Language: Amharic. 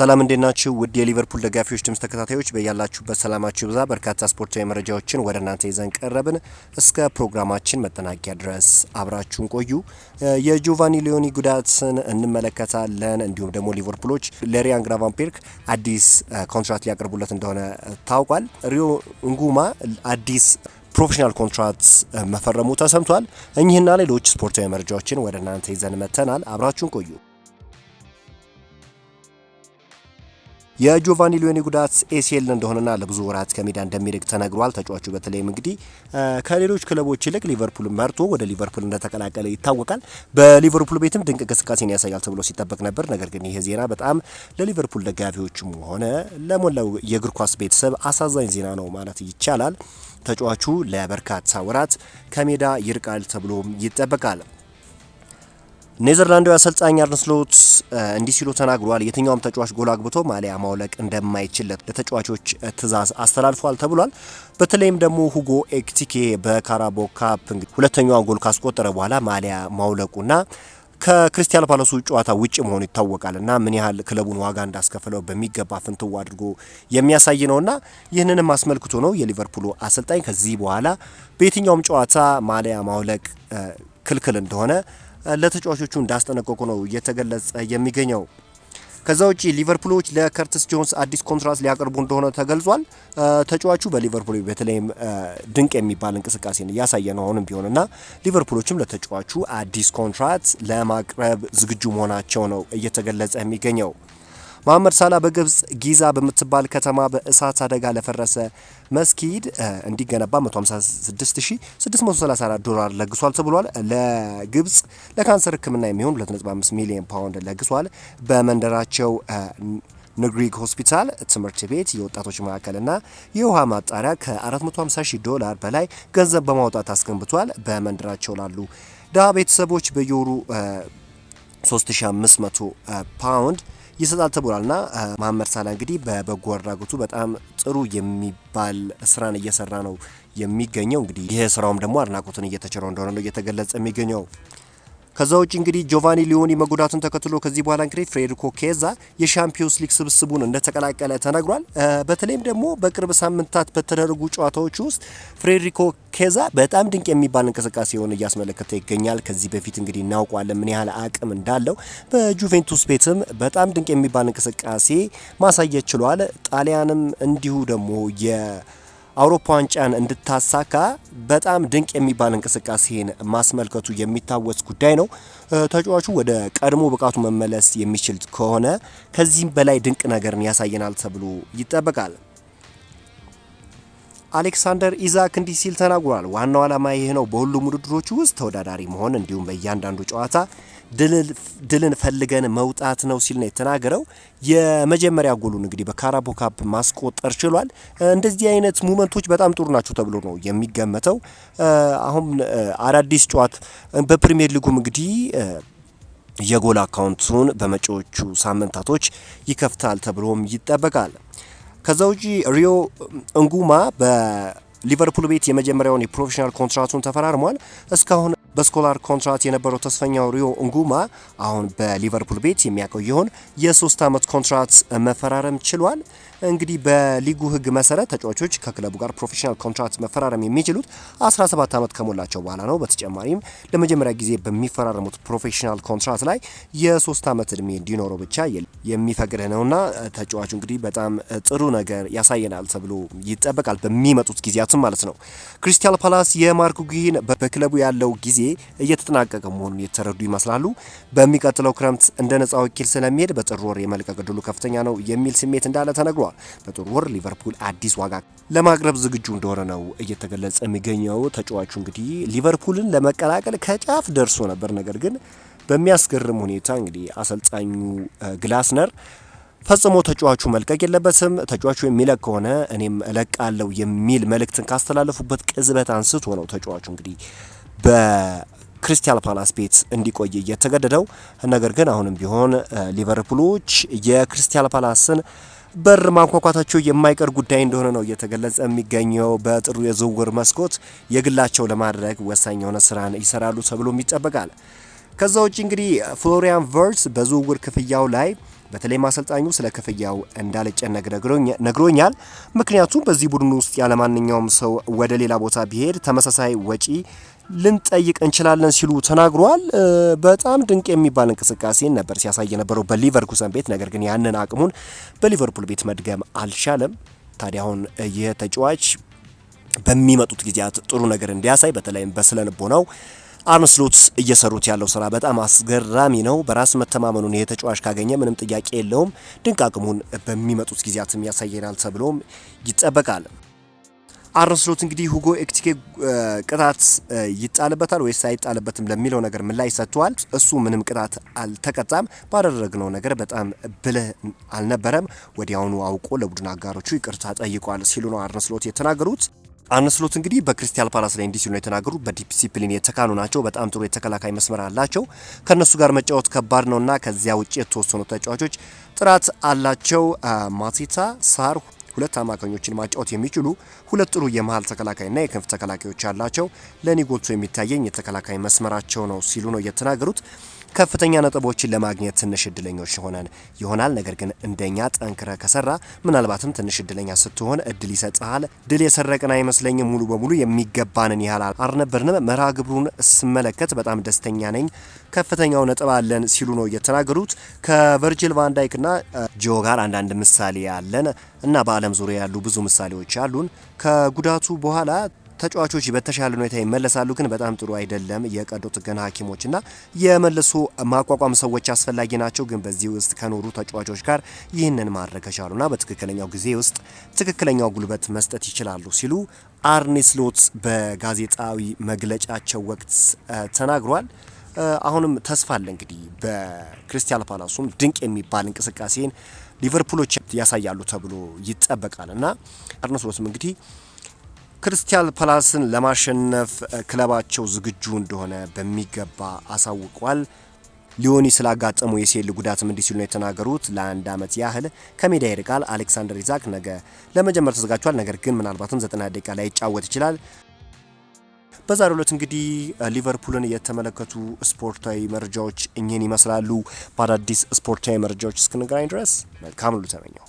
ሰላም እንዴት ናችሁ? ውድ የሊቨርፑል ደጋፊዎች ድምጽ ተከታታዮች በያላችሁበት ሰላማችሁ ብዛ። በርካታ ስፖርታዊ መረጃዎችን ወደ እናንተ ይዘን ቀረብን። እስከ ፕሮግራማችን መጠናቂያ ድረስ አብራችሁን ቆዩ። የጆቫኒ ሊዮኒ ጉዳትን እንመለከታለን። እንዲሁም ደግሞ ሊቨርፑሎች ለሪያን ግራቫንፔርክ አዲስ ኮንትራት ሊያቀርቡለት እንደሆነ ታውቋል። ሪዮ እንጉማ አዲስ ፕሮፌሽናል ኮንትራት መፈረሙ ተሰምቷል። እኚህና ሌሎች ስፖርታዊ መረጃዎችን ወደ እናንተ ይዘን መጥተናል። አብራችሁን ቆዩ። የጆቫኒ ሊዮኒ ጉዳት ኤሲኤል እንደሆነና ለብዙ ወራት ከሜዳ እንደሚርቅ ተነግሯል። ተጫዋቹ በተለይም እንግዲህ ከሌሎች ክለቦች ይልቅ ሊቨርፑል መርቶ ወደ ሊቨርፑል እንደተቀላቀለ ይታወቃል። በሊቨርፑል ቤትም ድንቅ እንቅስቃሴን ያሳያል ተብሎ ሲጠበቅ ነበር። ነገር ግን ይህ ዜና በጣም ለሊቨርፑል ደጋፊዎችም ሆነ ለሞላው የእግር ኳስ ቤተሰብ አሳዛኝ ዜና ነው ማለት ይቻላል። ተጫዋቹ ለበርካታ ወራት ከሜዳ ይርቃል ተብሎም ይጠበቃል። ኔዘርላንዳዊ አሰልጣኝ አርነ ስሎት እንዲህ ሲሉ ተናግሯል። የትኛውም ተጫዋች ጎል አግብቶ ማሊያ ማውለቅ እንደማይችል ለተጫዋቾች ትዕዛዝ አስተላልፏል ተብሏል። በተለይም ደግሞ ሁጎ ኤክቲኬ በካራቦ ካፕ ሁለተኛዋን ጎል ካስቆጠረ በኋላ ማሊያ ማውለቁና ከክርስቲያን ፓላሱ ጨዋታ ውጭ መሆኑ ይታወቃል እና ምን ያህል ክለቡን ዋጋ እንዳስከፈለው በሚገባ ፍንትው አድርጎ የሚያሳይ ነውና ይህንንም አስመልክቶ ነው የሊቨርፑሉ አሰልጣኝ ከዚህ በኋላ በየትኛውም ጨዋታ ማሊያ ማውለቅ ክልክል እንደሆነ ለተጫዋቾቹ እንዳስጠነቀቁ ነው እየተገለጸ የሚገኘው። ከዛ ውጪ ሊቨርፑሎች ለከርትስ ጆንስ አዲስ ኮንትራት ሊያቀርቡ እንደሆነ ተገልጿል። ተጫዋቹ በሊቨርፑል በተለይም ድንቅ የሚባል እንቅስቃሴን እያሳየ ነው አሁንም ቢሆን እና ሊቨርፑሎችም ለተጫዋቹ አዲስ ኮንትራት ለማቅረብ ዝግጁ መሆናቸው ነው እየተገለጸ የሚገኘው። መሐመድ ሳላ በግብጽ ጊዛ በምትባል ከተማ በእሳት አደጋ ለፈረሰ መስጊድ እንዲገነባ 156634 ዶላር ለግሷል ተብሏል። ለግብጽ ለካንሰር ሕክምና የሚሆን 25 ሚሊዮን ፓውንድ ለግሷል። በመንደራቸው ንግሪክ ሆስፒታል፣ ትምህርት ቤት፣ የወጣቶች መካከልና የውሃ ማጣሪያ ከ450 ዶላር በላይ ገንዘብ በማውጣት አስገንብቷል። በመንደራቸው ላሉ ድሀ ቤተሰቦች በየወሩ 3500 ፓውንድ ይሰጣል ተብሏል። ና መሐመድ ሳላ እንግዲህ በበጎ አድራጎቱ በጣም ጥሩ የሚባል ስራን እየሰራ ነው የሚገኘው እንግዲህ ይህ ስራውም ደግሞ አድናቆትን እየተቸረው እንደሆነ ነው እየተገለጸ የሚገኘው። ከዛ ውጭ እንግዲህ ጆቫኒ ሊዮኒ መጎዳቱን ተከትሎ ከዚህ በኋላ እንግዲህ ፍሬድሪኮ ኬዛ የሻምፒዮንስ ሊግ ስብስቡን እንደተቀላቀለ ተነግሯል። በተለይም ደግሞ በቅርብ ሳምንታት በተደረጉ ጨዋታዎች ውስጥ ፍሬድሪኮ ኬዛ በጣም ድንቅ የሚባል እንቅስቃሴ የሆነ እያስመለከተ ይገኛል። ከዚህ በፊት እንግዲህ እናውቋለን ምን ያህል አቅም እንዳለው። በጁቬንቱስ ቤትም በጣም ድንቅ የሚባል እንቅስቃሴ ማሳየት ችሏል። ጣሊያንም እንዲሁ ደግሞ አውሮፓ ዋንጫን እንድታሳካ በጣም ድንቅ የሚባል እንቅስቃሴን ማስመልከቱ የሚታወስ ጉዳይ ነው። ተጫዋቹ ወደ ቀድሞ ብቃቱ መመለስ የሚችል ከሆነ ከዚህም በላይ ድንቅ ነገርን ያሳየናል ተብሎ ይጠበቃል። አሌክሳንደር ኢዛክ እንዲህ ሲል ተናግሯል። ዋናው ዓላማ ይህ ነው። በሁሉም ውድድሮች ውስጥ ተወዳዳሪ መሆን እንዲሁም በእያንዳንዱ ጨዋታ ድልን ፈልገን መውጣት ነው ሲል ነው የተናገረው። የመጀመሪያ ጎሉን እንግዲህ በካራቦ ካፕ ማስቆጠር ችሏል። እንደዚህ አይነት ሙመንቶች በጣም ጥሩ ናቸው ተብሎ ነው የሚገመተው። አሁን አዳዲስ ጨዋት በፕሪሚየር ሊጉም እንግዲህ የጎል አካውንቱን በመጪዎቹ ሳምንታቶች ይከፍታል ተብሎም ይጠበቃል። ከዛ ውጪ ሪዮ እንጉማ በሊቨርፑል ቤት የመጀመሪያውን የፕሮፌሽናል ኮንትራቱን ተፈራርሟል። እስካሁን በስኮላር ኮንትራት የነበረው ተስፈኛው ሪዮ እንጉማ አሁን በሊቨርፑል ቤት የሚያቆየውን የሶስት ዓመት ኮንትራት መፈራረም ችሏል። እንግዲህ በሊጉ ሕግ መሰረት ተጫዋቾች ከክለቡ ጋር ፕሮፌሽናል ኮንትራት መፈራረም የሚችሉት 17 ዓመት ከሞላቸው በኋላ ነው። በተጨማሪም ለመጀመሪያ ጊዜ በሚፈራረሙት ፕሮፌሽናል ኮንትራት ላይ የሶስት ዓመት እድሜ እንዲኖረው ብቻ የሚፈቅድ ነውና ተጫዋቹ እንግዲህ በጣም ጥሩ ነገር ያሳየናል ተብሎ ይጠበቃል በሚመጡት ጊዜያትም ማለት ነው። ክሪስታል ፓላስ የማርኩ ጊሂን በክለቡ ያለው ጊዜ ጊዜ እየተጠናቀቀ መሆኑን የተረዱ ይመስላሉ። በሚቀጥለው ክረምት እንደ ነጻ ወኪል ስለሚሄድ በጥር ወር የመልቀቅ እድሉ ከፍተኛ ነው የሚል ስሜት እንዳለ ተነግሯል። በጥር ወር ሊቨርፑል አዲስ ዋጋ ለማቅረብ ዝግጁ እንደሆነ ነው እየተገለጸ የሚገኘው። ተጫዋቹ እንግዲህ ሊቨርፑልን ለመቀላቀል ከጫፍ ደርሶ ነበር። ነገር ግን በሚያስገርም ሁኔታ እንግዲህ አሰልጣኙ ግላስነር ፈጽሞ ተጫዋቹ መልቀቅ የለበትም፣ ተጫዋቹ የሚለቅ ከሆነ እኔም እለቃለሁ የሚል መልእክትን ካስተላለፉበት ቅጽበት አንስቶ ነው ተጫዋቹ እንግዲህ በክሪስታል ፓላስ ቤት እንዲቆይ እየተገደደው ነገር ግን አሁንም ቢሆን ሊቨርፑሎች የክሪስታል ፓላስን በር ማንኳኳታቸው የማይቀር ጉዳይ እንደሆነ ነው እየተገለጸ የሚገኘው። በጥሩ የዝውውር መስኮት የግላቸው ለማድረግ ወሳኝ የሆነ ስራን ይሰራሉ ተብሎም ይጠበቃል። ከዛ ውጭ እንግዲህ ፍሎሪያን ቨርስ በዝውውር ክፍያው ላይ በተለይ አሰልጣኙ ስለ ክፍያው እንዳልጨነቅ ነግሮኛል። ምክንያቱም በዚህ ቡድን ውስጥ ያለማንኛውም ሰው ወደ ሌላ ቦታ ቢሄድ ተመሳሳይ ወጪ ልንጠይቅ እንችላለን ሲሉ ተናግሯል። በጣም ድንቅ የሚባል እንቅስቃሴን ነበር ሲያሳይ የነበረው በሊቨርኩሰን ቤት። ነገር ግን ያንን አቅሙን በሊቨርፑል ቤት መድገም አልቻለም። ታዲያ አሁን ይህ ተጫዋች በሚመጡት ጊዜያት ጥሩ ነገር እንዲያሳይ በተለይም በስነ ልቦናው አርነ እየሰሩት ያለው ስራ በጣም አስገራሚ ነው። በራስ መተማመኑን ይህ ተጫዋች ካገኘ ምንም ጥያቄ የለውም ድንቅ አቅሙን በሚመጡት ጊዜያት ያሳየናል ተብሎም ይጠበቃል። አርስሎት እንግዲህ ሁጎ ኤክቲኬ ቅጣት ይጣልበታል ወይስ አይጣልበትም ለሚለው ነገር ምላሽ ሰጥቷል። እሱ ምንም ቅጣት አልተቀጣም፣ ባደረግነው ነገር በጣም ብልህ አልነበረም፣ ወዲያውኑ አውቆ ለቡድን አጋሮቹ ይቅርታ ጠይቋል ሲሉ ነው አርስሎት የተናገሩት። አነስሎት እንግዲህ በክሪስታል ፓላስ ላይ እንዲህ ሲሉ ነው የተናገሩት። በዲሲፕሊን የተካኑ ናቸው። በጣም ጥሩ የተከላካይ መስመር አላቸው። ከነሱ ጋር መጫወት ከባድ ነውና ከዚያ ውጭ የተወሰኑ ተጫዋቾች ጥራት አላቸው። ማቴታ ሳር ሁለት አማካኞችን ማጫወት የሚችሉ ሁለት ጥሩ የመሀል ተከላካይና የክንፍ ተከላካዮች ያላቸው ለኒጎቱ የሚታየኝ የተከላካይ መስመራቸው ነው ሲሉ ነው የተናገሩት። ከፍተኛ ነጥቦችን ለማግኘት ትንሽ እድለኞች ሆነን ይሆናል። ነገር ግን እንደኛ ጠንክረ ከሰራ ምናልባትም ትንሽ እድለኛ ስትሆን እድል ይሰጥሃል። ድል የሰረቅን አይመስለኝም። ሙሉ በሙሉ የሚገባንን ያህል አልነበርንም። መርሃ ግብሩን ስመለከት በጣም ደስተኛ ነኝ። ከፍተኛው ነጥብ አለን ሲሉ ነው እየተናገሩት። ከቨርጅል ቫንዳይክና ጂዮ ጋር አንዳንድ ምሳሌ አለን እና በዓለም ዙሪያ ያሉ ብዙ ምሳሌዎች አሉን። ከጉዳቱ በኋላ ተጫዋቾች በተሻለ ሁኔታ ይመለሳሉ፣ ግን በጣም ጥሩ አይደለም። የቀዶ ጥገና ሐኪሞችና የመልሶ ማቋቋም ሰዎች አስፈላጊ ናቸው፣ ግን በዚህ ውስጥ ከኖሩ ተጫዋቾች ጋር ይህንን ማድረግ ከቻሉና በትክክለኛው ጊዜ ውስጥ ትክክለኛው ጉልበት መስጠት ይችላሉ ሲሉ አርኔ ስሎት በጋዜጣዊ መግለጫቸው ወቅት ተናግሯል። አሁንም ተስፋ አለ እንግዲህ በክሪስታል ፓላሱም ድንቅ የሚባል እንቅስቃሴን ሊቨርፑሎች ያሳያሉ ተብሎ ይጠበቃል እና አርነ ስሎትም እንግዲህ ክሪስታል ፓላስን ለማሸነፍ ክለባቸው ዝግጁ እንደሆነ በሚገባ አሳውቋል። ሊዮኒ ስላጋጠሙ የሴል ጉዳት ምንድ ሲሉ ነው የተናገሩት። ለአንድ ዓመት ያህል ከሜዳ ይርቃል። አሌክሳንደር ኢዛክ ነገ ለመጀመር ተዘጋጅቷል። ነገር ግን ምናልባትም ዘጠና ደቂቃ ላይ ይጫወት ይችላል። በዛሬ ዕለት እንግዲህ ሊቨርፑልን የተመለከቱ ስፖርታዊ መረጃዎች እኚህን ይመስላሉ። በአዳዲስ ስፖርታዊ መረጃዎች እስክንገናኝ ድረስ መልካም ሉ ተመኘው።